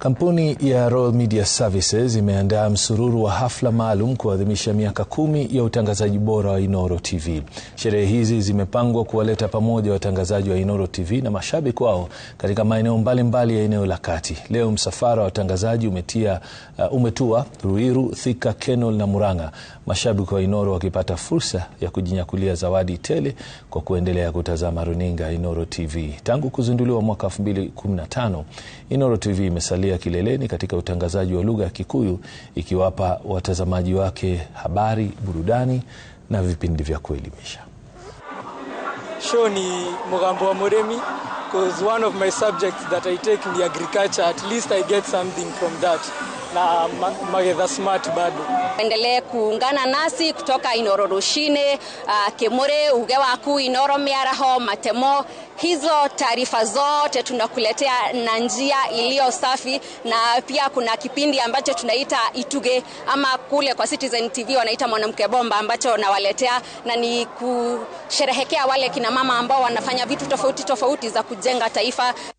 Kampuni ya Royal Media Services imeandaa msururu wa hafla maalum kuadhimisha miaka kumi ya utangazaji bora wa Inooro TV. Sherehe hizi zimepangwa kuwaleta pamoja watangazaji wa Inooro TV na mashabiki wao katika maeneo mbalimbali ya eneo la kati. Leo msafara wa watangazaji umetia, uh, umetua Ruiru, Thika, Kenol na Murang'a, mashabiki wa Inooro wakipata fursa ya kujinyakulia zawadi tele kwa kuendelea kutazama runinga Inooro TV. Tangu kuzinduliwa mwaka 2015, Inooro TV imesalia historia kileleni katika utangazaji wa lugha ya Kikuyu, ikiwapa watazamaji wake habari, burudani na vipindi vya kuelimisha. Show ni wa because one of my subjects that I take ni agriculture at least I get something from that na Magetha Smart bado endelee kuungana nasi kutoka Inoro Rushine uh, Kimure uge waku Inoro miaraho matemo Hizo taarifa zote tunakuletea na njia iliyo safi, na pia kuna kipindi ambacho tunaita Ituge ama kule kwa Citizen TV wanaita mwanamke bomba, ambacho nawaletea na ni kusherehekea wale kinamama ambao wanafanya vitu tofauti tofauti za kujenga taifa.